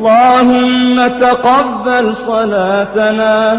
اللهم تقبل صلاتنا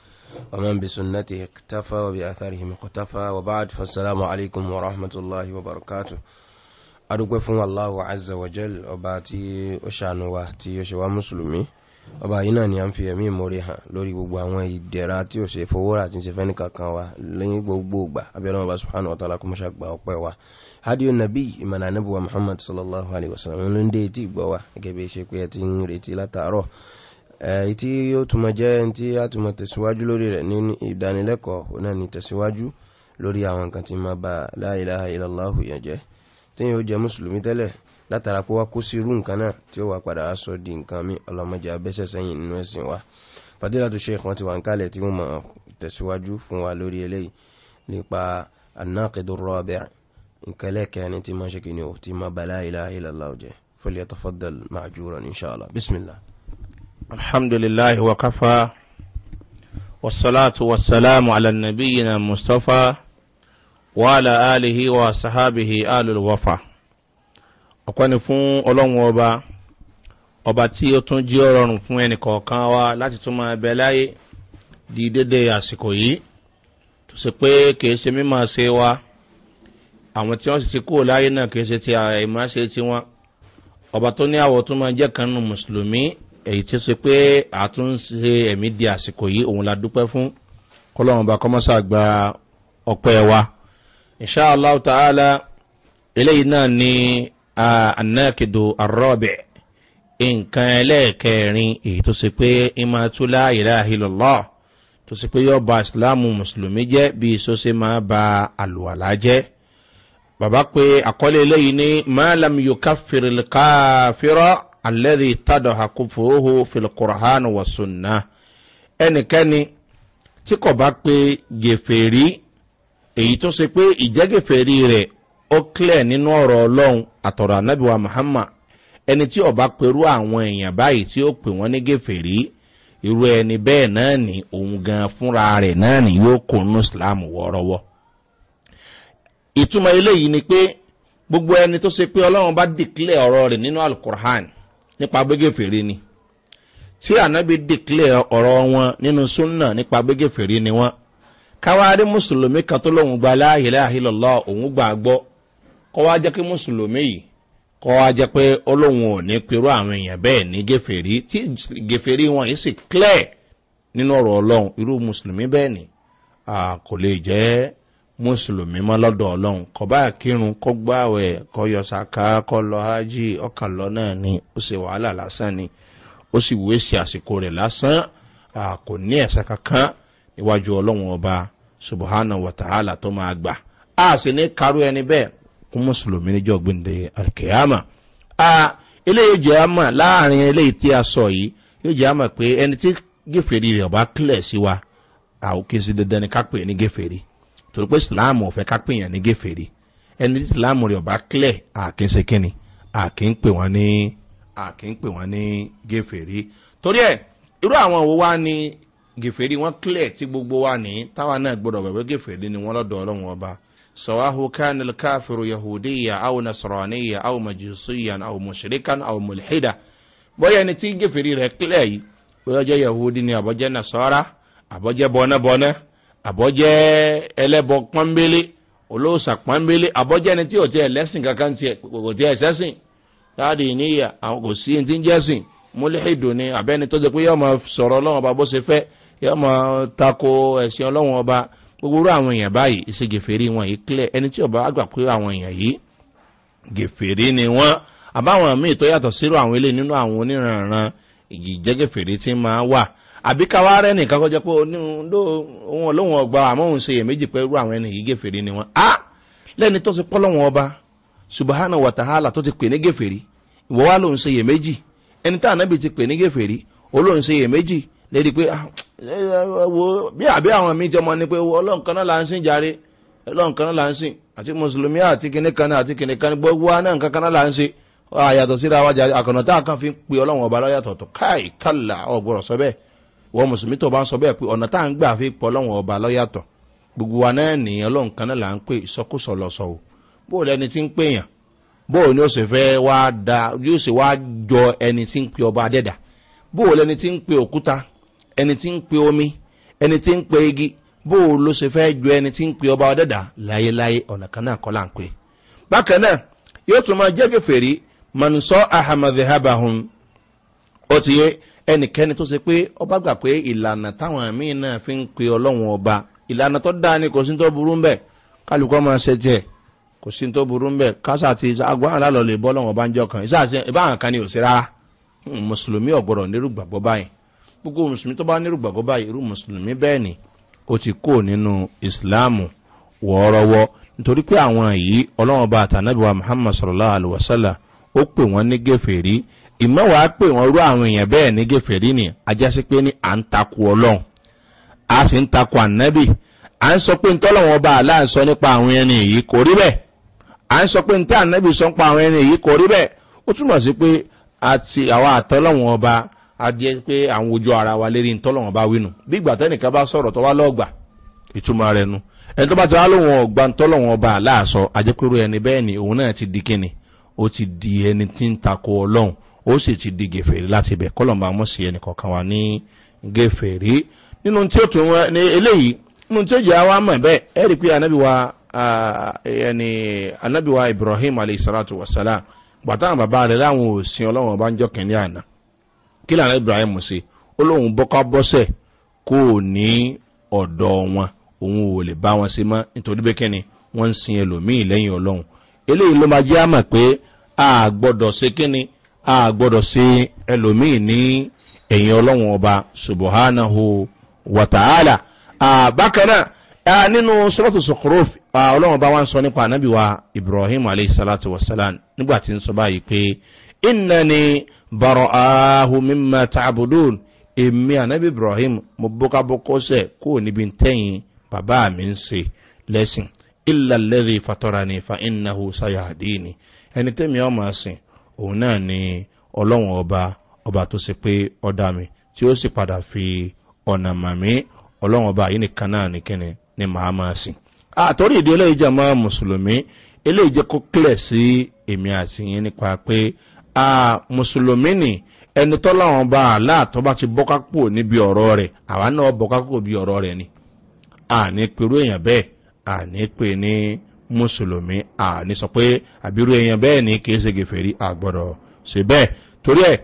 ومن بسنته اكتفى وبأثاره مقتفى وبعد فالسلام عليكم ورحمة الله وبركاته adúpẹ́ fún Allahu azza wa jal ọba tí ó ṣàánú wa tí ó ṣe wá mùsùlùmí ọba yìí náà ni a ń fi ẹ̀mí ìmoore hàn lórí gbogbo àwọn ìdẹ̀ra tí ó ṣe fowóra àti ṣe fẹ́ni kankan wa lẹ́yìn gbogbo ìgbà abẹ́rẹ́ ọba subhanahu wa ta'ala kó mọ́ṣá gba ọpẹ́ wa hadiyo nabi ìmọ̀nà anábùwà muhammad sallallahu alayhi wa sallam ló ń dé etí ìgbọ́ wa gẹ́gẹ́ bí ṣe pé ẹ ti ń retí látàárọ̀ Eh, èyí tí yóò túnmọ̀ jẹ́ ẹni tí a túnmọ̀ tẹ̀síwájú lórí rẹ̀ ní ìdánilẹ́kọ̀ọ́ òun náà ni tẹ̀síwájú lórí àwọn nǹkan tí máa ba la ilaha illallahu yẹn jẹ́ tí yóò jẹ́ mùsùlùmí tẹ́lẹ̀ látara pé wá kó sí irú nǹkan náà tí ó wà padà wá sọ di nǹkan mi ọlọ́mọdé abẹ́sẹ̀ sẹ́yìn nínú ẹ̀sìn wa fadilatu sheikh wọn ti wà ń kálẹ̀ tí wọ́n máa tẹ̀síwájú fún wa lórí eléyìí nípa anáàkìdó rọ́ọ̀bẹ̀ nǹkan ẹlẹ́kẹ̀ẹ́ni tí máa ṣe kìíní ò tí máa ba la ilaha illallahu jẹ́ falyatafaddal ma'juran insha Allah bismillah الحمد لله وكفى والصلاة والسلام على نبينا المصطفى وعلى آله وصحابه آل الوفا ọ̀pẹ́ni fún ọlọ́run ọba ọba tí ó tún jí ọ̀rọ̀rùn fún ẹnì kọ̀ọ̀kan wa láti tún máa bẹ láyé di dédé àsìkò yìí tó ṣe pé kìí ṣe mímọ̀ ṣe wa àwọn tí wọ́n sì ti kúrò láyé náà kìí ṣe ti àìmọ̀ ṣe tiwọn ọba tó ní àwọ̀ tó máa jẹ́ kan nù mùsùlùmí èyí tí ó ṣe pé àtúnṣe ẹ̀mí di àsìkò yìí òun la dúpẹ́ fún kọ́lọ́run bá kọ́mọ́sà gba ọpẹ́ wa inṣàlá ta'ala eléyìí náà ni anákìdò arọ́bẹ̀ nǹkan ẹlẹ́ẹ̀kẹrin èyí tó ṣe pé imatula ìlàhílọ́lọ́ tó ṣe pé yóò ba ìsìláàmù mùsùlùmí jẹ́ bí iṣó ṣe máa ba àlùwàlá jẹ́ bàbá pé àkọlé eléyìí ní máàlámù yóò káfíìrì káfíìrọ́ alẹ́rì tádọ̀ àkófòóhó fìlìkùrọ̀hánù wọ̀sùnà ẹnikẹ́ni tí kò bá pé gèfèrí èyí tó ṣe pé ìjẹ́gèfèrí rẹ̀ ó clear nínú ọ̀rọ̀ ọlọ́run àtọ̀rọ̀ anábìwá muhammad ẹni tí ọba perú àwọn èèyàn báyìí tí ó pè wọ́n ní gèfèrí irú ẹni bẹ́ẹ̀ náà ni òun gan fúnra rẹ̀ náà ni yóò kó islam wọ́ọ́rọ́wọ́ ìtumọ̀ eléyìí ni pé gbogbo ẹni tó ṣe pé ọlọ́run bá dìklẹ̀ ọ̀rọ̀ rẹ̀ nínú alukur'an nípa gbégéfèrè ni tí ànábi dìklẹ̀ ọ̀rọ̀ wọn nínú súnà nípa gbégéfèrè ni wọn káwáárí mùsùlùmí kan tó lóun gba láàyèlé àhílọ́lọ́ òun gbà gbọ́ kọ́ wá jẹ́ kí mùsùlùmí yìí kọ́ wá jẹ́ pé olóhùn ò ní pirú àwọn èèyàn bẹ́ẹ̀ ní gèfèrí tí gèfèrí wọn yìí sì clear nínú ọ̀rọ̀ ọlọ́run irú mùsùlùmí bẹ́ẹ̀ ni kò lè jẹ́ mùsùlùmí mọ́ lọ́dọ̀ ọlọ́run kọ̀bá kírun kọ́ gbáwẹ̀ kọ́ yọ̀sàká kọ́ lọ hajj ọkàn lọ náà ni ó ṣe wàhálà lásán ni ó sì wéṣì àsìkò rẹ̀ lásán kò ní ẹ̀sẹ̀ kankan níwájú ọlọ́run ọba subahana wàtàhálà tó máa gbà á sì ní karú ẹni bẹ́ẹ̀ kú mùsùlùmí níjọ́ gbìndé alkiyama eléyìí jẹ́ àmà láàrin eléyìí tí a sọ yìí yóò jẹ́ àmà pé ẹni tí gèfèrè rẹ̀ ọba kílẹ̀ sí wa àwọn kí dandan ni ká pè é ní gèfèrè torí pé islam ò fẹ́ ká pè yàn ní gèfèrè ẹni tí islam rẹ̀ ọba clear àkínṣe kínni àkín pè wọ́n ní àkín pè wọ́n ní gèfèrè torí ẹ̀ irú àwọn òwò wa ní gèfèrè wọn clear tí gbogbo wa ní táwa náà gbọdọ̀ wẹ̀wẹ́ gèfèrè ni wọ́n lọ́dọ̀ ọlọ́run ọba sọ̀wáhu kánil káfíru yahudiya aw nasaraniya aw majusiyan aw mushrikan aw mulhida bóyá ẹni tí gèfèrè rẹ̀ clear yìí bóyá ọjọ́ yahudi ni àbọ̀jẹ́ nasara àbọ̀jẹ́ bọ́nẹ́bọ́nẹ́ àbọ́jẹ́ ẹlẹ́bọ pọ́nbélé olóòsà pọ́nbélé àbọ́jẹ́ ni tí ò tiẹ̀ lẹ́sìn kankan tiẹ̀ kò tiẹ̀ sẹ́sìn táàdì níyà àwọn kò sí ẹni tí ń jẹ́sìn múlẹ́hìdù ni àbẹ́ni tó ṣe pé yọ́ọ́ máa sọ̀rọ̀ ọlọ́run ọba bó ṣe fẹ́ yọ́ọ́ máa tako ẹ̀sìn ọlọ́run ọba gbogbo àwọn èèyàn báyìí ìṣègèfèrè wọn yìí clear ẹni tí ọba àgbà pé àwọn èèyàn yìí gèfèrè ni wọn àbáwọn míì tó yàtọ̀ sírò àwọn ilé nínú àwọn oníranran ìjìjẹ́gèfèrè ti máa wà àbí ká wá rẹ́ nìkan kọjá pé òun ọlọ́wọ́n ọgbà àmọ́ òun ṣe èméjì pé irú àwọn ẹni yìí gèfèrè ni wọn. a ah! lẹ́ni tó ṣe pọ́lọ́wọ́n ọba subahana wàtàhálà tó ti pè ní gèfèrè ìwọ wá lòun ṣe èméjì ẹni tá ànábì ti pè ní gèfèrè olóhùn ṣe èméjì lédi pé ah, wo bí àbí àwọn mi jẹmọ ni pé ọlọ́run kan náà là ń sìn járe ọlọ́run kan náà là ń sìn àti mùsùlùmí àti kìnìkan àti kìnìkan gbogbo wọ́n mùsùlùmí tó bá ń sọ bẹ́ẹ̀ pé ọ̀nà tá à ń gbà fi pọ̀ lọ́wọ́n ọba lọ́yàtọ̀ gbogbo wa náà nìyẹn ọlọ́run kan náà là ń pè ìsọkúsọ lọ́sọ o bóò lẹni tí ń pè yàn bóò ni ó sì fẹ́ wá da yóò sì wá jọ ẹni tí ń pe ọba adẹ́dà bóò lẹni tí ń pe òkúta ẹni tí ń pe omi ẹni tí ń pe igi bóò ló sì fẹ́ jọ ẹni tí ń pe ọba adẹ́dà láyéláyé ọ̀nà kan náà kọ́ là ń pè. bákan náà yóò tún máa jẹ́ kẹfẹ́rí mọ̀nùsọ́ ahamadé ó ti yẹ ẹnikẹ́ni tó ṣe pé ọba gbà pé ìlànà táwọn míín náà fi ń pe ọlọ́run ọba ìlànà tó dáa ni kò sí tó burú mbẹ kálukọ́ máa ṣe jẹ kò sí tó burú mbẹ kásá ti agbára lálọ́ lè ọba ń jọ kan kan ni ò sí rárá hmm, mùsùlùmí ọ̀gbọ̀rọ̀ nírú gbàgbọ́ báyìí gbogbo mùsùlùmí tó bá nírú gbàgbọ́ báyìí irú ni ó ti kó nínú ìsìláàmù wọ́ọ́rọ́wọ́ nítorí àwọn yìí ọlọ́run ọba muhammad sallallahu ìmọ̀wá pè wọ́n rú àwọn èèyàn bẹ́ẹ̀ ní gẹ̀fẹ̀rí ni ajásí pé ní à ń takò ọlọ́run a sì ń takò ànábì à ń sọ pé ń tọ́lọ̀wọ́n bá àlá ń sọ nípa àwọn ẹni yìí kò rí bẹ́ẹ̀ à ń sọ pé ń tẹ́ ànábì sọ nípa àwọn ẹni yìí kò rí bẹ́ẹ̀ ó túmọ̀ sí pé àti àwa àtọ́lọ̀wọ́n ọba a jẹ́ pé àwọn ojú ara wa lérí ń bá wínú bí ìgbà tẹ́nìkan bá sọ̀rọ̀ tó lọ́gbà ìtumọ̀ rẹ̀ nu ẹni tó bá ti wá lóhun ọ̀gbà ń ọba àlá àsọ ẹni bẹ́ẹ̀ ni òun náà ti di kíni ó ti di ẹni tí ń takò ọlọ́run ó sì ti di gèfèrí láti ibẹ̀ kọ́lọ̀mù àmọ́ sí ẹnì kọ̀ọ̀kan wa ní gèfèrí nínú tí ó tún wọn ní eléyìí nínú tí ó jẹ́ àwa mọ̀ bẹ́ẹ̀ ẹ rí i pé anábìwa ẹni anábìwa ibrahim aleyhisalatu wasala gbàtà àwọn bàbá rẹ̀ láwọn òsìn ọlọ́wọ́n bá ń jọ kẹ́ni àná kí lànà ibrahim ṣe ó lóun bọ́sẹ̀ kó o ní ọ̀dọ̀ wọn òun ò lè bá wọn ṣe mọ́ nítorí kẹ́ni wọ́n ń sin ẹlòmíì lẹ́yìn ọlọ́run eléyìí ló máa jẹ́ a ṣe kẹ́ni a gbọ́dọ̀ sí ẹlòmíì ní ẹ̀yìn ọlọ́wọ̀n ọba subahánahu wàtàhálà àbákanná nínú sọ́lọ́tù sọ̀kúrọ́f ọlọ́wọ̀n ọba wa ń sọ nípa anábì wa ibrahim aleyhisalatu wasalam nígbà tí ń sọ báyìí pé iná ni bọ̀rọ̀ ahu mímọ tàbùdùn èmi anábì ibrahim mo bókábókọ́sẹ̀ kó níbi tẹ́yìn bàbá mi ń se lẹ́sìn ilà lẹ́rìí fatọ́ra ni fa ináhu sayahadini ẹni tẹ́mi ọmọ sìn òun náà ni ọlọ́run ọba ọba tó ṣe pé ọ̀dà mi tí ó sì padà fi ọ̀nà màmí ọlọ́run ọba yìí nìkan náà nìkẹ́ni ni màá máa sìn. àtọ́rí ìdí eléyìí jẹ́ máa mùsùlùmí eléyìí jẹ́ kó kílẹ̀ sí èmi àti yín nípa pé a mùsùlùmí ni ẹni tọ́láwọn bá aláàtọ́ bá ti bọ́ká kú níbi ọ̀rọ̀ rẹ̀ àwa náà bọ́ká kú bí ọ̀rọ̀ rẹ̀ ni. àní perú èèyàn bẹ́ẹ̀ àní pè ní. Ni mùsùlùmí à ní sọ pé àbírú èèyàn bẹ́ẹ̀ ni kì í ṣe gèfèrí àgbọ̀dọ̀ ṣe bẹ́ẹ̀ torí ẹ̀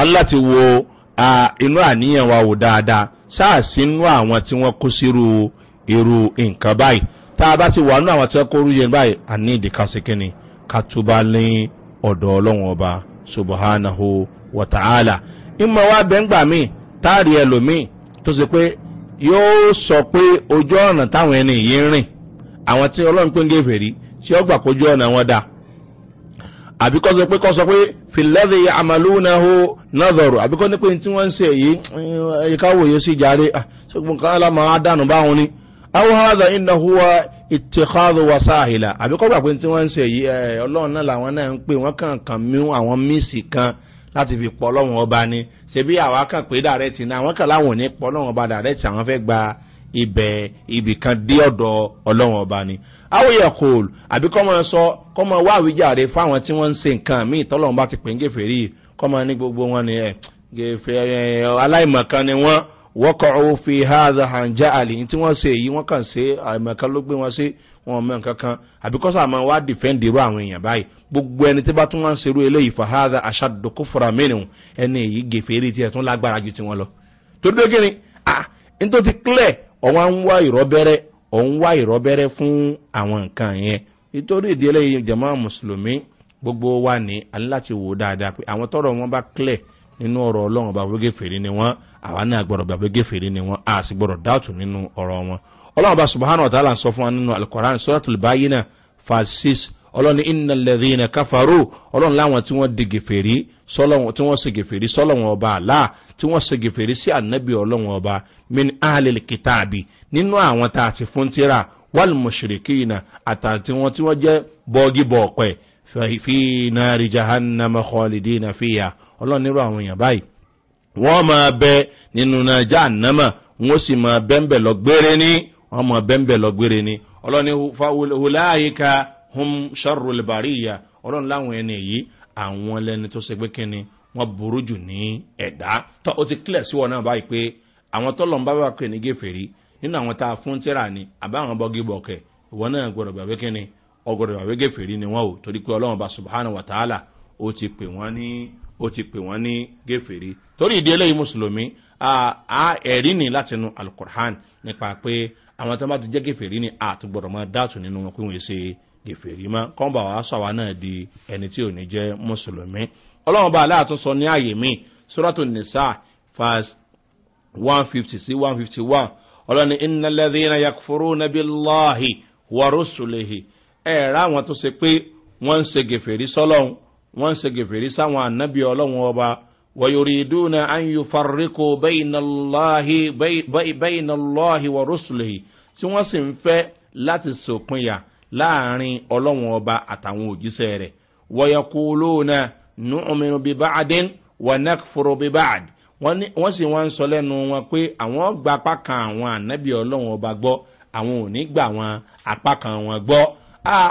aláti wo inú àníyàn wa wò dáadáa sáà inú àwọn tí wọ́n kó sírú irú nǹkan báyìí tá a bá ti wà nínú àwọn tí wọ́n kó rú yẹn báyìí àní ìdíkàsíkínni ká túbá ní ọ̀dọ̀ ọlọ́run ọba subahánahu wàtàhálà ìmọ̀ wa bẹ́ngbà táàrí ẹlòmíì tó ṣe pé yóò sọ pé ojú ọ̀nà táwọn àwọn tí ọlọ́run pé ń gé fèrè tí ó gbà kójú ọ̀nà wọn dá àbí kọ́ sọ pé kọ́ sọ pé fìlẹ́dì àmàlúnahu nọ́dọ̀rù àbí kọ́ ní pé tí wọ́n ń ṣe èyí ẹ̀ka wòye sí jàre ah, ṣùgbọ́n kan lámà á báwọn ni awúhàdà iná huwa ìtìkádù wa sáàhìlà àbí kọ́ gbà pé tí wọ́n ń ṣe èyí ọlọ́run náà làwọn náà ń pè wọ́n kàn kàn mú àwọn míìsì kan láti fi pọ̀ lọ́wọ́n ọba ni ṣebí àwa kàn pé dàrẹ́tì náà àwọn kàn láwọn ò ní pọ̀ lọ́wọ́n ọba dàrẹ́tì àwọn fẹ́ gba ibẹ̀ ibìkan dé ọ̀dọ̀ ọlọ́run ọba ni. awòye kòl àbí kọ́ máa sọ kọ́ máa wá àwíjàre fáwọn tí wọ́n ń se nǹkan míì tọ́lọ́run bá ti pè ń gèfè rí kọ́ ní gbogbo wọn ni ẹ̀ eh, gèfè eh, aláìmọ̀kan ni wọ́n wọ́kọ̀ òfin haza hanja àlè tí wọ́n se èyí wọ́n kàn se àìmọ̀kan ló gbé wọn sí wọn mọ nǹkan kan àbí kọ́sà máa wá dìfẹ́ǹdì irú àwọn èèyàn báyìí gbogbo ẹni tí bá tún wá ń serú eléyìí fàhádà aṣáàdókò fúra mẹ́rin ẹni èyí gèfè tiẹ̀ tún lágbára ju tiwọn lọ. torí pé kí ni ah nítorí clear ọ̀wọ́n ń wá ìrọ́bẹ́rẹ́ òun wá ìrọ́bẹ́rẹ́ fún àwọn nǹkan yẹn nítorí ìdí eléyìí jẹ̀mọ́ mùsùlùmí gbogbo wa ní aláti wò dáadáa pé àwọn tọrọ wọn bá clear nínú ọ̀rọ̀ ọlọ́run ọba fèrè ni wọ́n àwa náà gbọ́dọ̀ gbà fèrè ni wọ́n a sì gbọ́dọ̀ dáàtù nínú ọ̀rọ̀ wọn. ọlọ́run ọba subahana wa ta'ala sọ fún wa nínú alukoran sọ́dọ̀tù báyìí náà fas six ọlọ́run iná lẹ́dí iná káfàró ọlọ́run láwọn tí wọ́n di gèfèrí sọ́lọ́wọ́n tí wọ́n sì gèfèrí sọ́lọ́wọ́n ọba àlá tí wọ́n ṣe gèfèrè sí ànábì ọlọ́run ọba min ahlil kitaabi nínú àwọn tá a ti fún tíra wal mushrikina àtàtí wọn tí wọ́n jẹ́ bọ́ọ̀gì bọ̀ọ̀pẹ̀ fi nàrí jahannama kọ́lìdínà fìyà ọlọ́run nírú àwọn èèyàn báyìí wọ́n máa bẹ nínú náà jahannama wọ́n sì máa bẹ́ńbẹ̀ lọ gbére wọ́n máa bẹ́ńbẹ̀ lọ gbére ní ọlọ́ni huláyíká hum sharul bariya ọlọ́run láwọn ẹni yìí àwọn lẹni tó ṣe pé kíni wọ́n burú jù ní ẹ̀dá tó o ti clear sí wọn náà báyìí pé àwọn tó lọ́n bá bá pè ní gèfèrí nínú àwọn tá a fún tíra ni àbáwọn bọ́gí bọ̀kẹ́ ìwọ náà gbọ́dọ̀ gbàgbé kínni ọgbọ́dọ̀ gbàgbé gèfèrí ni wọ́n o torí pé ọlọ́run bá subhanahu wa ta'ala ó ti pè wọ́n ní ó ti pè wọ́n ní gèfèrí torí ìdí eléyìí mùsùlùmí a ẹ̀rí ni láti nu alukur'an nípa pé àwọn tó bá ti jẹ́ gèfèrí ni àtúgbọ̀dọ̀ máa dáàtù nínú wọn pé wọ́n ṣe gèfèrí mọ́ kọ́ńbà wàá sọ náà di ẹni tí ò ní jẹ́ mùsùlùmí ọlọ́run bá aláàtún sọ ní ààyè míì sọ́rọ́tò nìsá fas one fifty sí one fifty one ọlọ́ni iná lẹ́dínà yakufuru nabi lọ́hì wàrúsùlẹ̀hì ẹ̀ rà àwọn tó ṣe pé wọ́n ń ṣe gèfèrí sọ́lọ́hún wọ́n ń ṣe gèfèrí sáwọn ànábì ọlọ́run ọba wàyòrì ìdúnà àyù faríko bẹ́yìn lọ́hì wàrúsùlẹ̀hì tí wọ́n sì ń fẹ́ láti sòpinya láàrin ọlọ́run ọba àtàwọn òjíṣẹ́ rẹ̀ wọ́yẹ̀kú lónà nùmínú bíi báàdín wà nàkfòrò bíi báàd wọ́n sì wọ́n ń sọ lẹ́nu wọn pé àwọn gba apá kan àwọn ànábì ọlọ́run ọba gbọ́ àwọn ò ní gbà wọn apá kan wọn gbọ́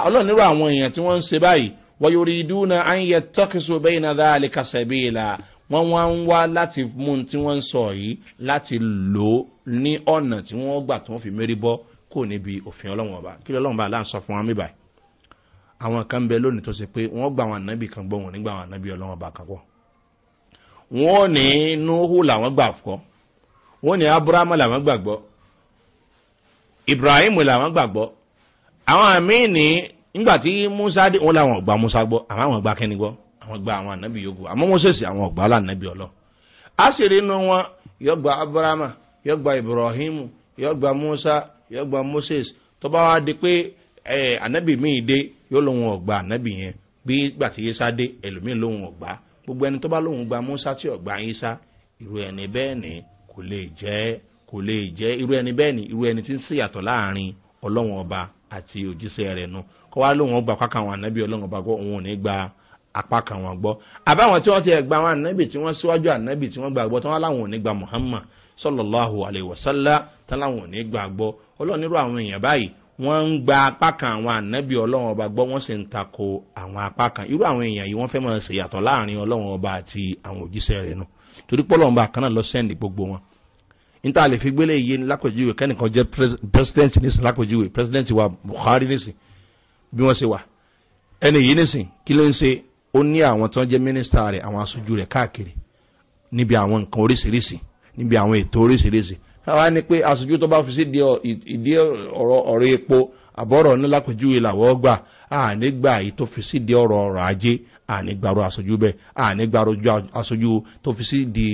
ọlọ́run nírú àwọn èèyàn tí wọ́n ń ṣe báyìí wọ́n yóò rí dúnà á ń yẹ tọ́kìsù bẹ́yìn náà dáàlì kàṣẹ́bíìlà wọ́n wá ń wá láti mú un tí wọ́n ń sọ yìí láti lò ó ní ọ̀nà tí wọ́n gbà tó fi mérí bọ́ kò níbi òfin ọlọ́run ọba kí lọ́lọ́run bá aláǹsọ fún wa mí báyìí. àwọn kan bẹ lónìí tó ṣe pé wọ́n gba àwọn anabi kan gbọ́ wọn nígbà àwọn anabi ọlọ́wọ́n ọba kan wọ́n ní nuhu làwọn gbà fọ́ wọ́n ní abrahamu làwọn gbàgbọ́ ibrahim làwọn gbàgbọ́ àwọn àmín ní nígbà tí musa dé wọn làwọn ọgbà musa gbọ́ àwọn àwọn ọgbà kẹ́ni gbọ́ àwọn gba àwọn anabi yòókù àmọ́ wọ́n ṣèṣì àwọn ọgbà lànàbì ẹ anabi míì dé yóò lóun ọgbà anabi yẹn bí gbà tí yéṣá dé ẹlòmíì lóun ọgbà gbogbo ẹni tó bá lóun gba musa tí ọgbà yéṣá irú ẹni bẹ́ẹ̀ ni kò lè jẹ́ kò lè jẹ́ irú ẹni bẹ́ẹ̀ ni irú ẹni tí ń ṣèyàtọ̀ láàrin ọlọ́wọ́n ọba àti òjíṣẹ́ rẹ̀ nu kọ́ wá lóun ọgbà apákan àwọn anabi ọlọ́wọ́n ọba gbọ́ òun ò ní gba apákan wọn gbọ́ àbáwọn tí wọ́n ti gba àwọn anabi tí wọ́n síwájú anabi tí wọ́n gbàgbọ́ tí láwọn ò ní gba muhammad sallallahu aleyhi wa sálá tí wọ́n láwọn ò ní gbàgbọ́ ọlọ́run nírú àwọn èèyàn báyìí wọ́n ń gba apá kan àwọn ànábì ọlọ́run ọba gbọ́ wọ́n sì ń tako àwọn apá kan irú àwọn èèyàn yìí wọ́n fẹ́ máa ṣe yàtọ̀ láàrin ọlọ́run ọba àti àwọn òjíṣẹ́ rẹ̀ nù torí pọ́lọ́run ọba kan náà lọ sẹ́ndì gbogbo wọn níta lè fi gbélé iye lápèjúwe kẹ́nìkan jẹ́ president nísìn lápèjúwe president wa buhari nísìn bí wọ́n ṣe wà ẹni yìí nísìn kí ló ń ṣe ó ní àwọn tó ń jẹ́ mínísítà rẹ̀ àwọn aṣojú rẹ̀ káàkiri níbi àwọn nǹkan oríṣiríṣi níbi àwọn ètò oríṣiríṣi táwa ni pé aṣojú tó bá fi sí ìdí ọ̀rọ̀ epo àbọ̀rọ̀ ní lápẹjúwe làwọ̀ gbà ànígbà yìí tó fi sí ìdí ọ̀rọ̀ ọ̀rọ̀ ajé ànígbàrò aṣojú bẹ́ẹ̀ ànígbàrò aṣojú tó fi sí ìdí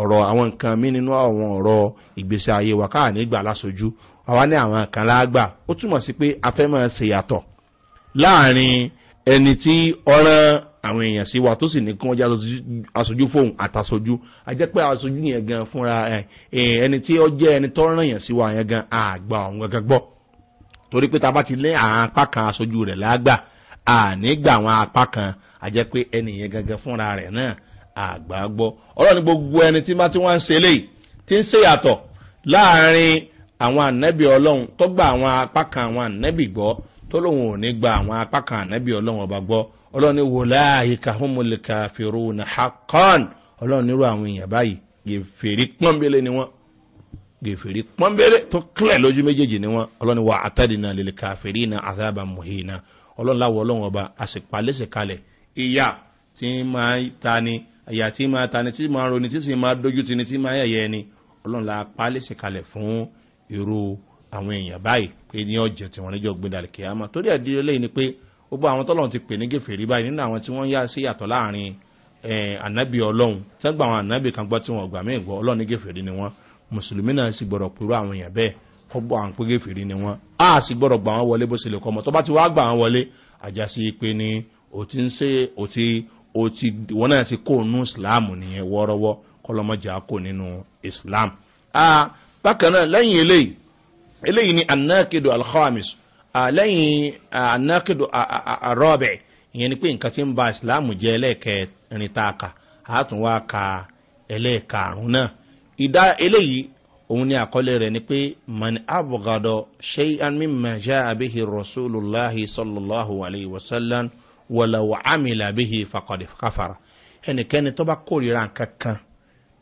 ọ̀rọ̀ àwọn nǹkan mí nínú àwọn ọ̀rọ̀ ìgbésí ayé wa káànígbà láṣojú àwa ní àwọn kan lágbà ó túmọ̀ sí pé afẹ́mọ̀ ṣèyàtọ̀ láàrin ẹni tí ọ̀ràn àwọn èèyàn sí wa tó sì ní kí wọ́n jẹ́ aṣojú fóun àtàṣojú ajẹ́ pé aṣojú yẹn gan fúnra ẹni tí ó jẹ́ ẹni tó ràn yẹn sí wa yẹn gan àgbà ọ̀hún gangan gbọ́ torí pé ta bá ti lé àwọn apá kan aṣojú rẹ̀ lágbà ànígbà àwọn apá kan ajẹ́ pé ẹni yẹn gangan fúnra rẹ̀ náà àgbà gbọ́ ọlọ́ni gbogbo ẹni tí má ti wá ń ṣe eléyìí ti ń ṣèyàtọ̀ láàrin àwọn ànẹ́bí ọlọ́run tó gba àwọn apá kan àwọn ànẹ́bí gbọ́ tó lóun ò ní gba àwọn apá kan ànẹ́bí ọlọ́run ọba gbọ́ ọlọ́run ní wòláàyè kahumul kafiruna haqqan ọlọ́run nírú àwọn èèyàn báyìí gèfèrí pọ́nbélé ni wọ́n gèfèrí pọ́nbélé tó kílẹ̀ lójú méjèèjì ni wọ́n ọlọ́run ní wà àtàdínà lèlè kàfèrí na àtàbà mùhìnà ọlọ́run láwọ ọlọ́run ọba àsìpalẹ́sẹ̀ kalẹ̀ ìyá tí máa tani ìyá tí máa tani tí máa roni tí sì máa dojú tini tí máa yẹ̀yẹ́ ni ọlọ́run la palẹ́sẹ̀ kalẹ̀ fún irú àwọn èèyàn báyìí pé ní ọ̀jẹ̀ tí wọ́n níjọ́ gbé dalẹ̀ kìámà torí àdéhùn ni pé gbogbo àwọn tọ́lọ̀ ti pè ní gèfèrí báyìí nínú àwọn tí wọ́n yá sí yàtọ̀ láàrin ànábì ọlọ́run tẹ́gbà àwọn ànábì kan gbọ́ tí wọ́n gbà mí gbọ́ ọlọ́run ní gèfèrí ni wọ́n mùsùlùmí náà sì gbọ́dọ̀ pẹ̀lú àwọn èèyàn bẹ́ẹ̀ ó gbọ́ àwọn pé gèfèrí ni wọ́n á sì gbọ́dọ̀ gbà wọ́n wọlé bó ṣe lè kọ́ ọmọ tó bá ti wá gbà wọ́n wọlé àjàsí pé ni ò ti ń ṣe ò ti ò ti wọ́n náà ti kó nínú islam nìyẹn wọ́ọ́rọ́wọ́ kọ́lọ́mọjà kó nínú islam. bákan náà lẹ́yìn eléyìí eléyìí ni anákédo alhamis lẹ́yìn anákìdù àrọ́bẹ̀ ìyẹn ni pé nǹkan tí ń ba ìsìláàmù jẹ́ ẹlẹ́ẹ̀kẹrin tá a kà á tún wá ka ẹlẹ́ẹ̀karùn náà ìdá eléyìí òun ni àkọlé rẹ̀ ni pé mani abogado ṣe anmima jẹ́ abihi rasulillahi sallallahu alayhi wa sallam wàlà wà ámìlà abihi fakọ̀dé káfara ẹnikẹ́ni tó bá kórìíra nǹkan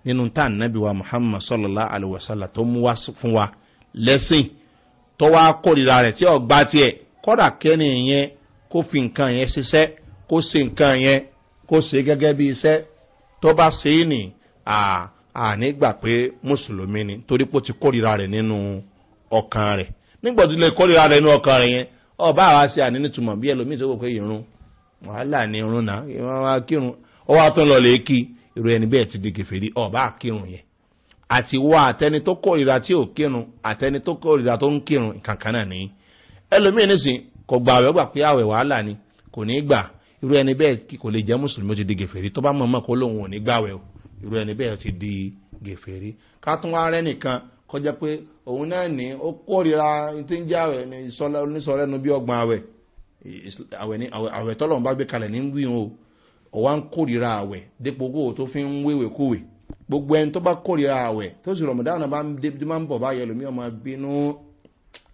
nínú tá a nàbí wa muhammad sallallahu alayhi wa sallam tó mú wá fún wa lẹ́sìn tó wá kórìíra rẹ̀ tí ọ̀gbá tiẹ̀ kọ́dà kẹ́ni yẹn kó fi nǹkan yẹn ṣiṣẹ́ kó ṣe nǹkan yẹn kó ṣe gẹ́gẹ́ bí iṣẹ́ tó bá ṣe é nì ànígbà pé mùsùlùmí ni torí pé ó ti kórìíra rẹ̀ nínú ọkàn rẹ̀ nígbà tó lè kórìíra rẹ̀ nínú ọkàn rẹ̀ yẹn ọba àwa ṣe àní nítumọ̀ bí ẹlòmíì tó wò pé irun wàhálà ni irun náà kírun ọwọ́ àtọ́ lọ lè kí irun ẹni bẹ́ẹ̀ ti di kẹfẹ́ ọba àkírun yẹn àti wá àtẹni tó kórìíra tí ò kírun àtẹni tó kórìíra tó ń kírun kankan náà ní ẹlòmíì nísìn kò gba àwẹ̀ gbà pé àwẹ̀ wàhálà ni kò ní gbà irú ẹni bẹ́ẹ̀ kò lè jẹ́ mùsùlùmí ó ti di gèfèrí tó bá mọ̀ mọ̀ kó lóun ò ní gbàwẹ̀ o irú ẹni bẹ́ẹ̀ ti di gèfèrí ká tún wá rẹ́ nìkan kọjá pé òun náà ní ó kórìíra tí ń jẹ́ àwẹ̀ onísọ̀rẹ́nu bí ọgbọ̀n àwẹ̀ àwẹ̀ tọ́lọ́run bá gbé kalẹ̀ ní wíwọ̀n o ọ̀wá ń kórìíra àwẹ̀ dépò kó o tó fi ń wéwèé kówèé gbogbo ẹni tó bá kórìíra àwẹ̀ tó sì rọ̀mọ̀dáwọn bá ń bọ̀ báyẹ̀ lómi ọmọ bínú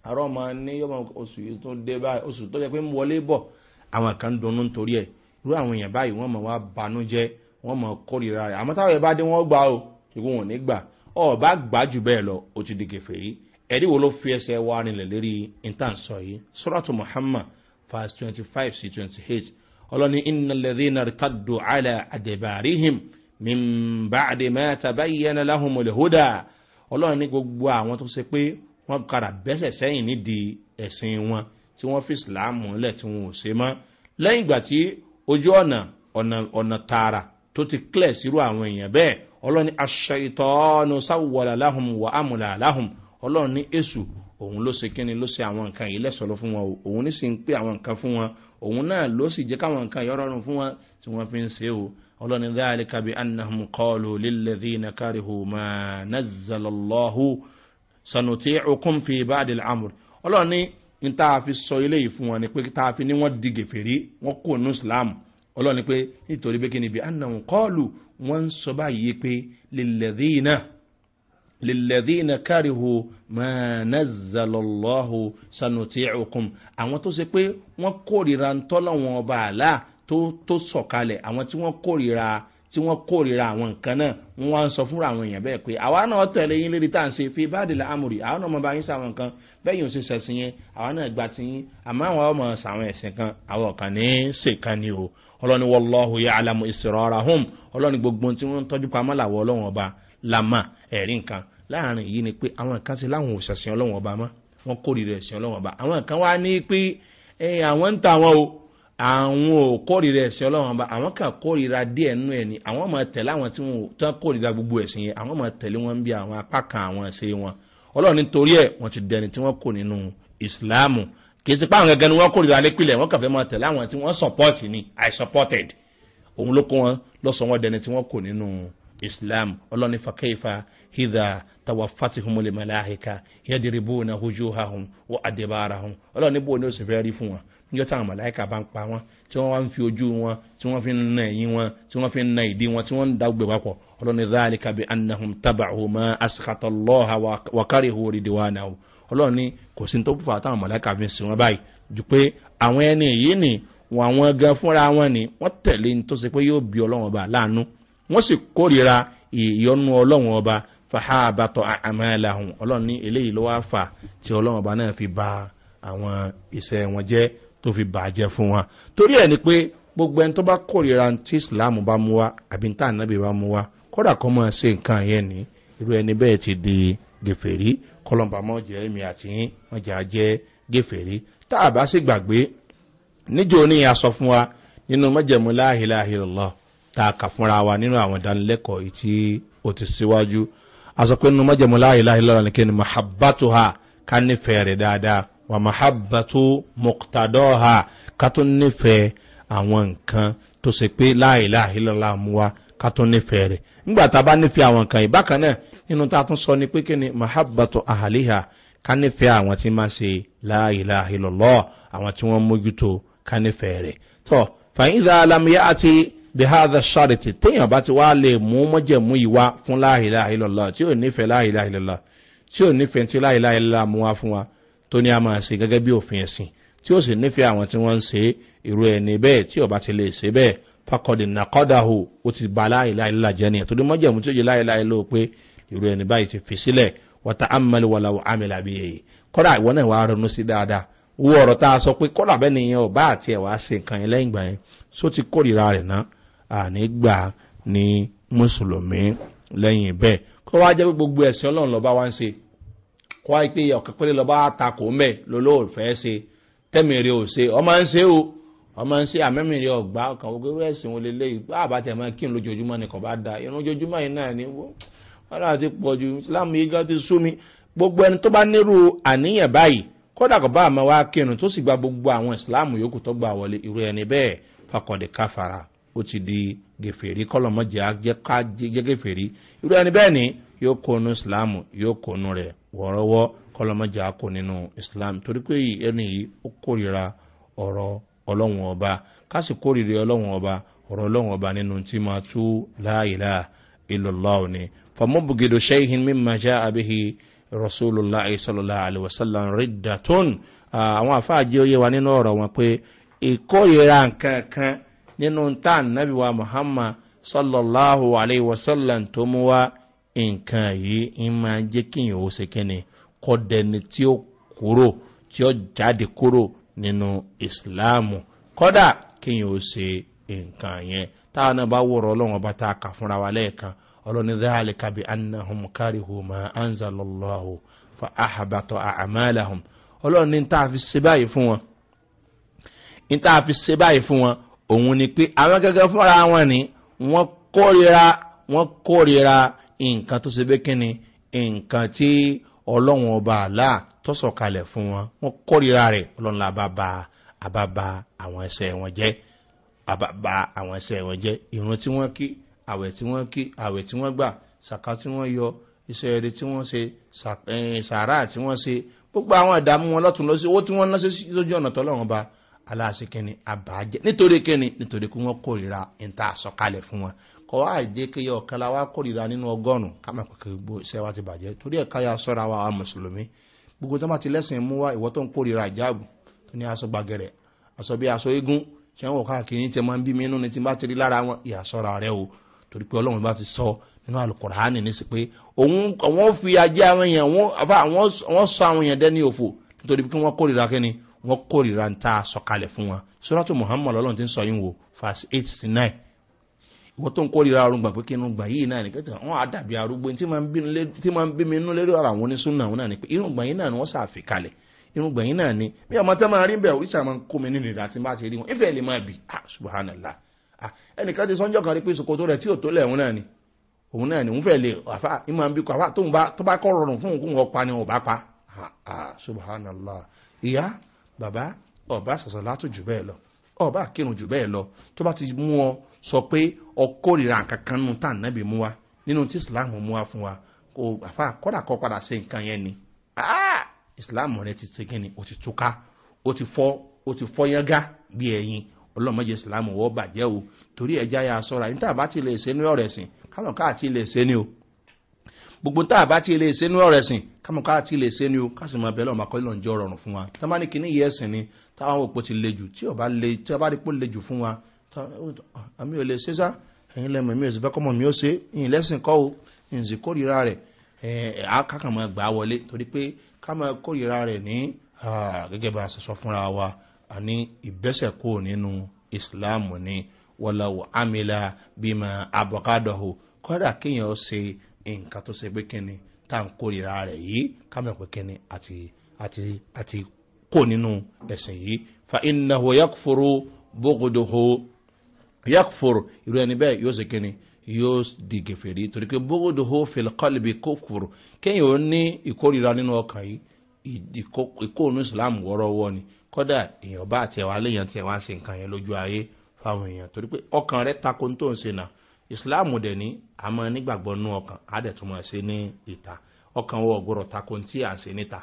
àrọ́ ọmọ ní yọmọ oṣù tó dé báyìí oṣù tó jẹ pé ń wọlé bọ̀ àwọn kan dunnú nítorí ẹ̀ irú àwọn èèyàn báyìí wọ́n mọ̀ wá banú jẹ́ wọ́n mọ̀ kórìíra rẹ̀ àmọ́ táwọn ẹ̀ dé wọ́n gbà o ìwọ̀n ò ní gbà ọ̀ bá gbà jù bẹ́ẹ̀ lọ o ti di kẹfẹ́ ẹ̀rí wo ló fi ẹsẹ̀ wa rinlẹ̀ lérí intansọ yìí sọ́ràtù muhammad verse twenty five sí twenty eight ọlọ́ni ìnàlẹ́dínà kàdùn 'ala àdẹ̀bàríhìm mímbàdé mẹ́ta báyìí ẹni láhùn mọ̀lẹ̀ hódà ọlọ́run ní gbogbo àwọn tó ṣe pé wọ́n kára bẹ́sẹ̀ sẹ́yìn nídìí ẹ̀sìn wọn tí wọ́n fi ìsìláàmù ńlẹ̀ tí wọn ò ṣe mọ́ lẹ́yìn ìgbà tí ojú ọ̀nà ọ̀nà tààrà tó ti clear sírú àwọn èèyàn bẹ́ẹ̀ ọlọ́run ní aṣọ ìtọ́nu sáwùwọ̀lá láhùn wà ámùlà láhùn ọlọ́run ní èṣù òun ló ṣe kíni ló ṣe àwọn nǹkan yìí lẹ́sọ̀rọ̀ fún wọn òun ní sì ń pé àwọn nǹkan fún wọn òun náà ló sì jẹ́ káwọn nǹkan yọ̀rọ̀rùn fún wọn tí wọ́n fi ń ṣe o ọlọ́ni dáàlì kàbí annahum kọlu lílẹ̀dínà kárihu ma nazalallahu sanuti okun fi ibadi al'amur ọlọ́ni n ta fi sọ ilé yìí fún wọn ni pé ta fi ní wọ́n di gèfèrí wọ́n kò ní islam ọlọ́ni pé nítorí pé kíni bí annahum kọlu wọ́n ń sọ báyìí pé lílẹ̀dínà lílẹ̀dínà kárihu ma nazalallahu sanuti okun àwọn tó ṣe pé wọ́n kórìíra ń tọ́lọ́wọ́n ọba àlá tó tó sọ̀kalẹ̀ àwọn tí wọ́n kórìíra tí wọ́n kórìíra àwọn nǹkan náà wọ́n wá ń sọ fúnra àwọn èèyàn bẹ́ẹ̀ pé àwa náà tẹ̀lé yín lérí tá à ń ṣe fi báàdì la amòrì àwa náà mọ bá yín sàwọn nǹkan bẹ́ẹ̀ yóò ṣe ṣẹ̀sìn yẹn àwa náà gba ti yín àmọ́ àwọn ọmọ sàwọn ẹ̀sìn kan àwọn kan ní ṣèkan ni o ọlọ́ni wọlọ́hu yẹ alamu ìṣòro ara home ọlọ́ni gbogbo tí wọ́n ń tọ́jú pamọ́ làwọ̀ ọlọ́wọ́n ọba làmà ẹ̀rí nǹkan láàrin yìí ni pé àwọn kan ti láwọn òṣèṣin ọlọ́wọ́n ọba mọ́ wọ́n kórìíra ẹ̀sìn ọlọ́wọ́n ọba àwọn kan wá ní pé àwọn ń ta àwọn o àwọn ò kórìíra ẹ̀sìn ọlọ́run ọba àwọn kà kórìíra díẹ̀ nú ẹ̀ ni àwọn máa tẹ̀lé àwọn tí wọn tán kórìíra gbogbo ẹ̀sìn yẹn àwọn máa tẹ̀lé wọn bí àwọn apá kan àwọn ẹ̀sẹ̀ wọn ọlọ́run nítorí ẹ̀ wọ́n ti dẹni tí wọ́n kò nínú ìsìláàmù kì í sí gẹ́gẹ́ ni wọ́n kórìíra nípìnlẹ̀ wọ́n kà máa tẹ̀lé àwọn tí wọ́n support ni i supported òun ló kó wọn lọ́sọ̀ wọn dẹni tí wọ́n kò nínú ìsìláàmù ọlọ́run ní fakẹ́ifà hídà na hujú ha hùn wọ́n adébára hùn ọlọ́run níbo ni ó sì fẹ́ rí fún wọn níjọ́ táwọn màláìka bá ń pa wọ́n tí wọ́n wá ń fi ojú wọn tí wọ́n fi ń na ẹ̀yìn wọn tí wọ́n fi ń na ìdí wọn tí wọ́n ń da gbé papọ̀ ọlọ́ni záàlì kàbí anahum tabahu ma asikatọ lọ́ha wakari hori diwa náà ọlọ́ni kò sí tó fà táwọn màláìka fi ń sìn wọn báyìí ju pé àwọn ẹni yìí ni wọn àwọn gan fúnra wọn ni wọ́n tẹ̀lé ní tó ṣe pé yóò bí ọlọ́wọ́n ọba láàánú wọ́n sì kórìíra ìyọnu ọlọ́wọ́n ọba fàhábàtọ̀ àmàlàhùn ọlọ́ni eléyìí ló wá fà tí ọlọ́wọ́n ọba náà fi tó fi bàjẹ́ fún wa torí ẹ̀ ni pé gbogbo ẹni tó bá kórìíra tí ìsìláàmù bá mú wa àbí tá ànábì bá mú wa kódà kọ́ máa ṣe nǹkan yẹn ni irú ẹni bẹ́ẹ̀ ti di gèfèrí kọlọ́mbà mọ́ jẹ́ èmi àti wọ́n jà jẹ́ gèfèrí tá a bá sì gbàgbé níjó ní aṣọ fún wa nínú mọ́jẹ̀mú láhìláhìlọ́ tá a kà fúnra wa nínú àwọn ìdánilẹ́kọ̀ọ́ yìí tí ó ti síwájú aṣọ pé nínú mọ́jẹ̀mú láhìláhìlọ́ ni wà mahabbatu muqtadọ́ha ká tó nífẹ̀ẹ́ àwọn nǹkan tó ṣe pé láìláì lọ́la mú wa ká tó nífẹ̀ẹ́ rẹ̀ nígbà tá a bá nífẹ̀ẹ́ àwọn nǹkan yìí bákan náà nínú tá a tún sọ ni pé kí ni mahabbatu ahaliha ká nífẹ̀ẹ́ àwọn tí máa ṣe láìláì lọ́lọ́ àwọn tí wọ́n mójútó ká nífẹ̀ẹ́ rẹ̀ tọ́ fàyínzà alamiya àti bihada shariti téèyàn bá ti wá lè mú mọ́jẹ̀mú yìí wá fún láìláì lọ́lọ́ tí ò nífẹ̀ẹ́ láìláì lọ́lọ́ tí ò nífẹ̀ẹ́ tí láìláì lọ́lọ́ tó ní a máa ṣe gẹ́gẹ́ bí òfin ẹ̀sìn tí ó sì nífẹ̀ẹ́ àwọn tí wọ́n ń ṣe irú ẹni bẹ́ẹ̀ tí ọba ti lè ṣe bẹ́ẹ̀ fakọ̀dì nàkọ́dàhù ó ti ba láìláìlá jẹ́ ni ẹ̀tọ́dún mọ́jẹ̀mú tí ó yẹ láìláìlá ó pé irú ẹni báyìí ti fi sílẹ̀ wọ́tá amẹ́lẹ́ wàlá amẹ́lẹ́ àbí èyí kọ́dà ìwọ náà wàá ronú sí dáadáa wo ọ̀rọ̀ tá a sọ pé kọ́dà bẹ́ẹ̀ nìyẹn ọba àti ẹ̀wà ṣe nǹkan yẹn lẹ́yìn gbà yẹn só ti kórìíra rẹ̀ ná àní gbà ní mùsùlùmí lẹ́yìn bẹ́ẹ̀ kọ́ wá jẹ́ pé gbogbo ẹ̀sìn ọlọ́run lọ́ba wá ń ṣe kọ́ wáyé pé ọ̀kan péré lọ́ba àtakò mẹ́ lọ́lọ́ọ̀fẹ́ ṣe tẹ́mìrì ò ṣe ọmọ ń ṣe o ọmọ ń ṣe àmẹ́mìrì ọ̀gbá ọkàn gbogbo irú ẹ̀sìn wọn lélẹ́yìí bá àbátẹ̀ máa kí n lójoojúmọ́ ni kò bá da irun ojoojúmọ́ yìí náà ni wọ́n náà ti pọ̀ ju islam yìí gan ti sú mi gbogbo ẹni tó bá nírú àníyàn báyìí kódà kò bá àmọ́ wá kírun tó sì gba gbogbo àwọn islam yòókù tó gbà wọlé irú ẹni bẹ́ẹ̀ fakọ̀dé káfara ó ti di gèfèrí kọ́lọ́mọ́jẹ́ gẹ́gẹ́fèrí irú ẹni bẹ́ẹ̀ ni yóò kónú islam yóò kónú rẹ̀ wọ̀rọ̀wọ́ kọlọ́mọjà kò nínú islam torí pé ẹni yìí ó kórìíra ọ̀rọ̀ ọlọ́wọ̀n ọba kásì kórìíra ọlọ́wọ̀n ọba ọ̀rọ̀ ọlọ́wọ̀n ọba nínú tí máa tú láàyèlá ìlọ́lá òní. fọmọbùgìdò sẹ́yìn mímọ já abéhi rasulillah isọlọlá aliwasalam rídà tón àwọn àfáàjẹ́ oyé wa nínú ọ̀rọ̀ wọn pé ìkórìíra nǹkan nínú tá ànábìwá muhammad sallallahu alayhi wa sallam tó mú wa. nkan yìí ń máa jẹ́ kí èèyàn ó ṣe kíni kọ́ dẹni tí ó kúrò tí ó jáde kúrò nínú islam kọ́dà kí èèyàn ó ṣe nǹkan yẹn táwọn náà bá wúrọ̀ ọlọ́run ọba tá a kà fúnra wa lẹ́ẹ̀kan ọlọ́ni dáhàlì kàbí anahum ma fa ahabatọ̀ a fi ṣe báyìí fún wọn fi ṣe báyìí fún wọn òun ni pé àwọn gẹ́gẹ́ fúnra wọn ni wọ́n nǹkan tó ṣe bẹ́ kíni nǹkan tí ọlọ́run ọba àlá tọ́sọ̀kalẹ̀ fún wọn wọ́n kórìíra rẹ̀ ọlọ́run la bàbá àbàbà àwọn ẹsẹ̀ wọn jẹ́ àbàbà àwọn ẹsẹ̀ wọn jẹ́ ìrún tí wọ́n kí àwẹ̀ tí wọ́n kí àwẹ̀ tí wọ́n gbà sàkà tí wọ́n yọ iṣẹ́ ẹ̀rẹ́ tí wọ́n ṣe sàárà tí wọ́n ṣe gbogbo àwọn ìdààmú wọn lọ́tún lọ́sí owó tí wọ́n ná sí lójú ọ̀nà tọ́lọ́run ọba aláàṣẹ kẹni àbàjẹ́ nítorí kẹni nítorí kí wọ́n kórìíra ìta àsọkalẹ̀ fún wọn kọ́ àìjẹ́kẹ́yẹ ọ̀kan la wá kórìíra nínú ọgọ́rùn-ún ká máa pẹ̀kẹ́ gbogbo iṣẹ́ wa ti bàjẹ́ torí ẹ̀ káyà sọ́ra wa àwọn mùsùlùmí gbogbo tó bá ti lẹ́sìn mú wá ìwọ́ tó ń kórìíra ìjáàbù tó ní aṣọ gbàgẹ̀rẹ̀ aṣọ bí aṣọ eégún tí wọ́n wọ̀ káàkiri tẹ máa ń bí mi inú ni tí bá ti rí lára wọn ìyàsọ́ra rẹ o torí pé ọlọ́run bá ti sọ nínú alukọ̀ránì ní sí pé òun àwọn fi ajé àwọn èèyàn wọ́n sọ àwọn èèyàn dẹ́ni òfò nítorí pé wọ́n kórìíra kẹ́ni wọ́n kórìíra eight to wọ́n tó ń kórìíra arúgbà pé kínú gbà yìí náà nìkan wọ́n á dàbí arúgbó tí máa ń bí mi inú lérí ara àwọn onísùn náà náà ni pé irúgbà yìí náà ni wọ́n ṣàfikalẹ̀ irúgbà yìí náà ni bí ọmọ tẹ́ máa rí bẹ́ẹ̀ oríṣi àwọn kó mi nínú ìdá tí bá ti rí wọn ìfẹ́ lè máa bì ah subhanallah ah ẹnìkan ti sọ́njọ́ kan rí pé sokoto rẹ̀ tí ò tó lẹ̀ òun náà ni òun náà ni òun fẹ́ lè àfa ìmọ̀ àbí kọ àfa tó bá kọ́ rọrùn fún òun ọ̀pá ni ọ̀bá pa ah, ah subhanallah ìyá bàbá ọ̀bá sọ̀sọ̀ látò jù bẹ́ẹ̀ lọ ọba kírun jù bẹ́ẹ̀ lọ tó bá ti mú ọ sọ pé ọkórìíra nǹkan kan nù tá nàbì mú wa nínú tí islam mú wa fún wa kò àfa kọ́dà kọ́ padà ṣe nǹkan yẹn ni ah! islam rẹ ti ṣe kí o ti túká o ti fọ́ o ti fọ́ yángá bí ẹ̀yin ọlọ́mọdé islam wọ́ bàjẹ́ o torí ẹja ya sọ́ra ní tá a bá ti lè ṣe ní ọ̀rẹ́ sìn káwọn káà ti lè ṣe ni o gbogbo tá a bá ti lè ṣe ní ọ̀rẹ́ sìn ti lè ṣe ni o káàsì máa bẹ̀rẹ̀ ọmọ akọ́lẹ́ ọ̀njọ́ rọrùn fún wa tá ní kíní yẹ́ ni táwọn òpó ti le jù tí ọba le tí ọba rí pó le jù fún wa àmì ò lè ṣe sá ẹ̀yin lẹ́mọ̀ mi ò sì fẹ́ kọ́mọ̀ mi ó ṣe ìyìn lẹ́sìn kọ́ o ìyìn sì kórìíra rẹ̀ àákàkà máa gbà wọlé torí pé ká máa kórìíra rẹ̀ ní gẹ́gẹ́ bá a ṣe sọ fúnra wa àní ìbẹ́sẹ̀ kó nínú ìsìláàmù ni wọ́láwọ̀ amílà bímọ abọ́kádọ̀hù kọ́dà kéèyàn ṣe nǹkan tó ṣe pé kíni tá ń kórìíra rẹ̀ yìí ká pé kíni àti kò nínú ẹ̀sìn yìí fa iná ho yakfuru bókodò ho yakfuru irú ẹni bẹ́ẹ̀ yóò sèké ni yóò di gèfèrí torí pé bókodò ho filikọ́lìbì kófòrò kéèyàn ó ní ìkórira nínú ọkàn yìí ìkóònù islam wọ́rọ́wọ́ ni kódà èèyàn bá tiẹ̀ wá léèyàn tiẹ̀ wá sí nǹkan yẹn lójú ayé fáwọn èèyàn torí pé ọkàn rẹ tako tó ń se náà islam dẹ̀ ní àmọ́ nígbàgbọ́ nú ọkàn á dẹ̀ tún máa ṣe ní ìta ọkàn wọ ọgbọ́rọ̀ tako tí à ń níta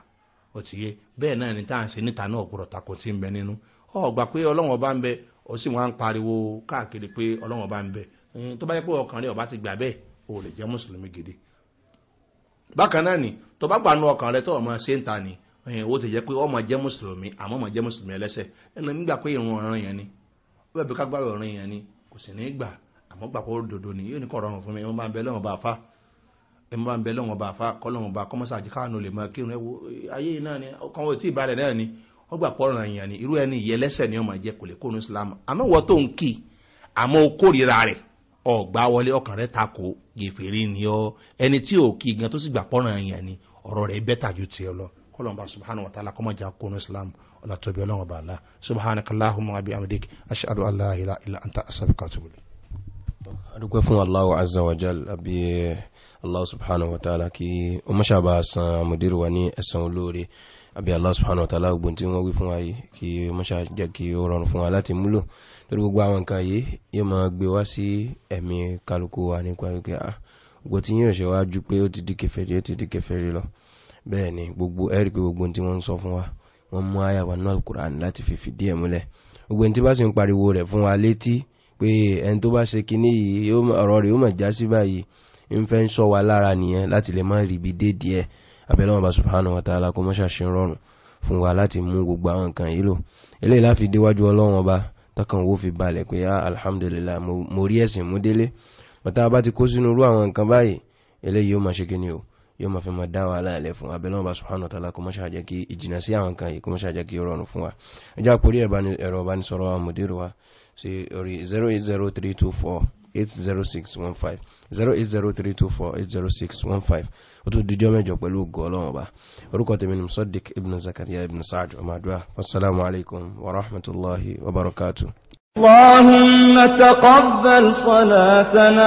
ó ti yé bẹ́ẹ̀ náà ni tá à ń ṣe níta náà gbọ́dọ̀ takò tí ń bẹ nínú ọ gbà pé ọlọ́wọ́n bá ń bẹ ó sì wọ́n á ń pariwo káàkiri pé ọlọ́wọ́n bá ń bẹ tó bá yẹ pé ọkàn rẹ ọba ti gbà bẹ́ẹ̀ o lè jẹ́ mùsùlùmí gidi bákan náà ni tó bá gbanú ọkàn rẹ tó ọmọ ṣe ń ta ni ó ti jẹ́ pé ọmọ jẹ́ mùsùlùmí àmọ́ ọmọ jẹ́ mùsùlùmí ẹlẹ́sẹ̀ ẹnu nígbà pé ìrún ọ̀ràn yẹn ni ó bẹ̀ bí ká gbàgbọ́ fa ẹmọ bá ń bẹ lọ́wọ́n bá fa kọ́lọ́wọ́n bá kọ́mọ́sá àti káànù lè máa kírun ẹwọ ayé náà ni ọkàn òtí ìbalẹ̀ náà ni wọ́n gbà pọ́nrọ̀ èèyàn ni irú ẹni ìyẹ lẹ́sẹ̀ ni wọ́n máa jẹ kò lè kóònù islam àmọ́ wọ́n tó ń kì í àmọ́ o kórìíra rẹ̀ ọ̀gbá wọlé ọkàn rẹ̀ takò gèfèrè ni ọ ẹni tí ò kì í gan tó sì gbà pọ́nrọ̀ èèyàn ni ọ̀rọ̀ rẹ̀ bẹ́tà ju tiẹ̀ lọ kọ́lọ́wọ́n bá subhanahu wa ta'ala kọ́mọ́ jà kóònù islam ọ̀là tóbi ọlọ́wọ́n wa ta'ala aṣáájú allah subhanahu wa ta'ala kí o mọ́ ṣàbà san àmùdírò wa ní ẹ̀sàn olóore àbí allah subhanahu wa ta'ala ogun tí wọ́n wí fún wa yìí kí o mọ́ ṣàjẹ́ kí o rọrùn fún wa láti múlò torí gbogbo àwọn nǹkan yìí yóò máa gbé wá sí ẹ̀mí kálukú wa nípa wípé a ah, gbogbo tí yóò ṣe wá ju pé ó ti di kẹfẹ́rí ó ti di kẹfẹ́rí lọ bẹ́ẹ̀ ni gbogbo ẹ̀rí pé gbogbo tí wọ́n ń sọ fún wa wọ́n mú àyà wa náà kúrò àná láti fi fìdí ẹ̀ múlẹ̀ gbogbo tí bá sì ń pariwo rẹ̀ fún wa létí pé ẹni tó bá ṣe kinní yìí ọ̀rọ̀ rẹ̀ yóò mọ̀ já sí báyìí ń fẹ́ ń sọ wa lára nìyẹn láti lè má rí ibi dé díẹ̀ abẹ́lẹ́ wọn bá subhanahu wa ta'ala kó mọ́ṣà ṣe rọrùn fún wa láti mú gbogbo àwọn nǹkan yìí lò eléyìí láfi déwájú ọlọ́run ọba tọkàn wo fi balẹ̀ pé ah, alhamdulillah mo rí ẹ̀sìn mú délé bàtà bá ti kó sínú irú àwọn nǹkan báyìí eléyìí yóò máa ṣe kí ni o yóò máa fi máa dá wa láàlẹ́ fún abẹ́lẹ́ wọn bá subhanahu wa ta'ala kó mọ́ṣà jẹ́ kí ìjìnà sí àwọn nǹkan yìí kó mọ́ṣà jẹ́ kí ó rọrùn fún wa ẹjọ́ àpòrí ẹ̀rọ ìbánisọ̀rọ̀ wa mùdírù wa sí orí 0803240 08032480615 08032480615 ó tún dídí ọmọjọ pẹ̀lú ògùn ọlọ́run ọba orúkọ tèmi ni sadiq ibn zakariya ibn saad ọmọdúà wasalaamu alaikum wa rahmatullahi wa barakatu. اللهم تقبل صلاتنا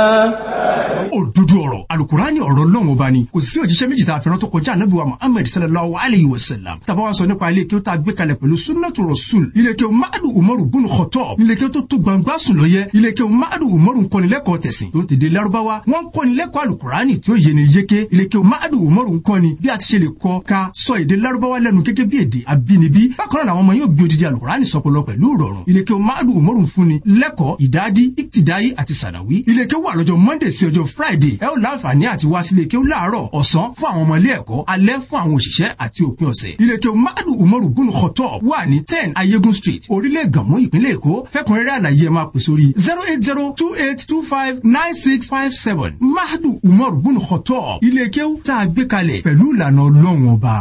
òdodo ọ̀rọ̀ alukurani ọ̀rọ̀ lọ́wọ́ bá ni kò sí òjíṣẹ́ méjì tá a fẹ́ràn tó kọjá anabiwa muhammed sallallahu alayhi wa sallam tàbá wa sọ nípa ilé kí ó tá gbé kalẹ̀ pẹ̀lú sunnatu rasul ilé kí ó madu umaru bunu kọtọ ilé kí ó tó tó gbangba sùn lọ yẹ ilé kí ó madu umaru nkọnilẹ́kọ̀ọ́ tẹ̀sìn tó ń tẹ̀dé larubawa wọn nkọnilẹ́kọ̀ọ́ alukurani tí ó yé ni yéke ilé kí ó madu umaru nkọni bí a ti ṣe lè kọ ka sọ èdè larubawa lẹ́nu gẹ́gẹ́ bí èdè abínibí bákan náà àwọn ọmọ yóò bí odidi alukurani sọpọlọ pẹ̀lú rọrùn ilé kí ó madu umaru fúnni lẹ́kọ̀ọ́ ìdádi ìtìdáyé àti sànàwí ilé kí ó wà lọ́jọ́ friday ẹ ó láǹfààní àti wá sílé kí ó láàárọ̀ ọ̀sán fún àwọn ọmọ ilé ẹ̀kọ́ alẹ́ fún àwọn òṣìṣẹ́ àti òpin ọ̀sẹ̀ ìlẹ̀kẹ̀ madu umaru bunu kọtọ wà ní ten ayégun street orílẹ̀ gànmú ìpínlẹ̀ èkó fẹ́kùnrẹ́rẹ́ àlàyé ẹ máa pè sórí zero eight zero two eight two five nine six five seven madu umaru bunu kọtọ ìlẹ̀kẹ̀ tá a gbé kalẹ̀ pẹ̀lú ìlànà ọlọ́run ọba.